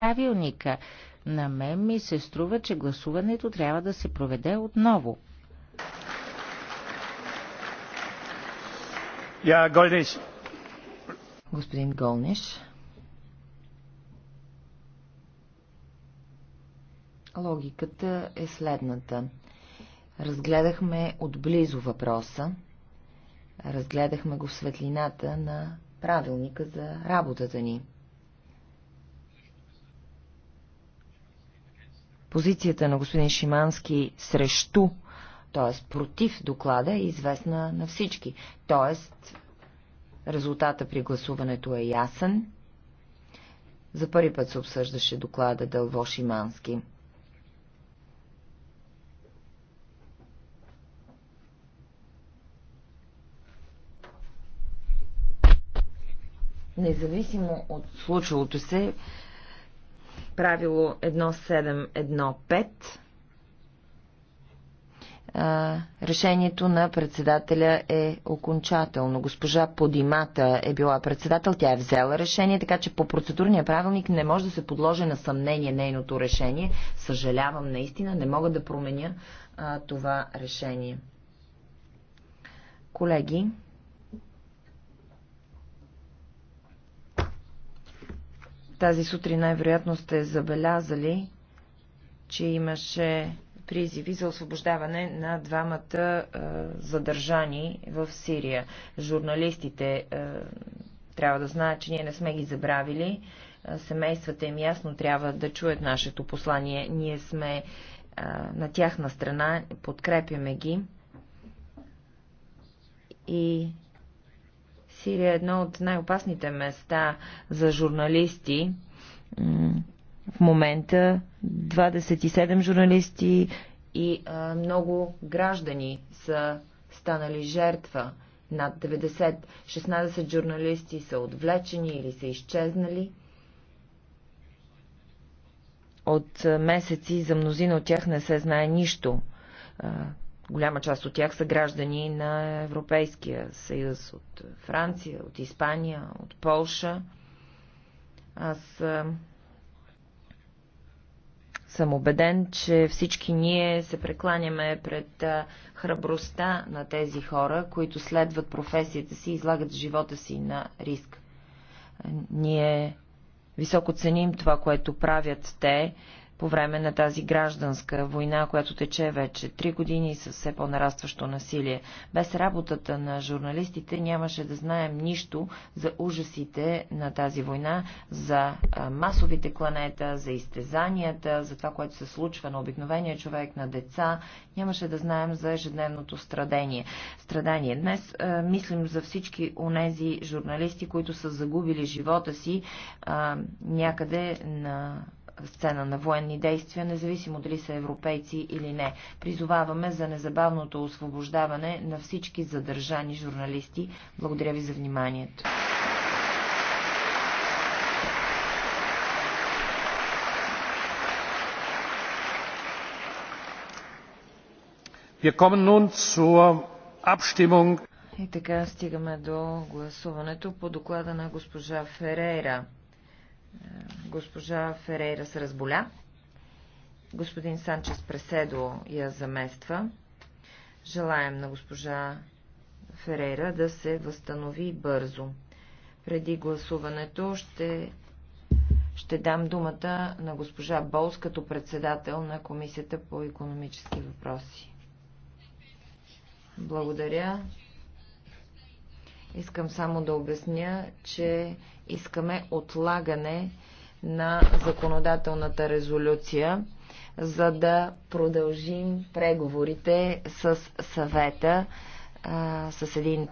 правилника. На мен ми се струва, че гласуването трябва да се проведе отново. Я, Голниш. Господин Голниш. Логиката е следната. Разгледахме отблизо въпроса. Разгледахме го в светлината на правилника за работата ни. Позицията на господин Шимански срещу, т.е. против доклада е известна на всички. Т.е. резултата при гласуването е ясен. За първи път се обсъждаше доклада Дълво Шимански. Независимо от случилото се, правило 1715 решението на председателя е окончателно. Госпожа Подимата е била председател, тя е взела решение, така че по процедурния правилник не може да се подложи на съмнение нейното решение. Съжалявам наистина, не мога да променя а, това решение. Колеги, Тази сутрин най-вероятно сте забелязали, че имаше призиви за освобождаване на двамата е, задържани в Сирия. Журналистите е, трябва да знаят, че ние не сме ги забравили. Е, семействата им ясно трябва да чуят нашето послание. Ние сме е, на тяхна страна, подкрепяме ги и Сирия е едно от най-опасните места за журналисти. В момента 27 журналисти и много граждани са станали жертва. Над 90, 16 журналисти са отвлечени или са изчезнали. От месеци за мнозина от тях не се знае нищо Голяма част от тях са граждани на Европейския съюз от Франция, от Испания, от Полша. Аз съм убеден, че всички ние се прекланяме пред храбростта на тези хора, които следват професията си и излагат живота си на риск. Ние високо ценим това, което правят те по време на тази гражданска война, която тече вече три години с все по-нарастващо насилие. Без работата на журналистите нямаше да знаем нищо за ужасите на тази война, за масовите кланета, за изтезанията, за това, което се случва на обикновения човек, на деца. Нямаше да знаем за ежедневното страдание. страдание. Днес а, мислим за всички онези журналисти, които са загубили живота си а, някъде на сцена на военни действия, независимо дали са европейци или не. Призоваваме за незабавното освобождаване на всички задържани журналисти. Благодаря ви за вниманието. И така стигаме до гласуването по доклада на госпожа Ферейра. Госпожа Ферейра се разболя. Господин Санчес Преседо я замества. Желаем на госпожа Ферейра да се възстанови бързо. Преди гласуването ще, ще дам думата на госпожа Болс като председател на Комисията по економически въпроси. Благодаря. Искам само да обясня, че искаме отлагане на законодателната резолюция, за да продължим преговорите с съвета а, с един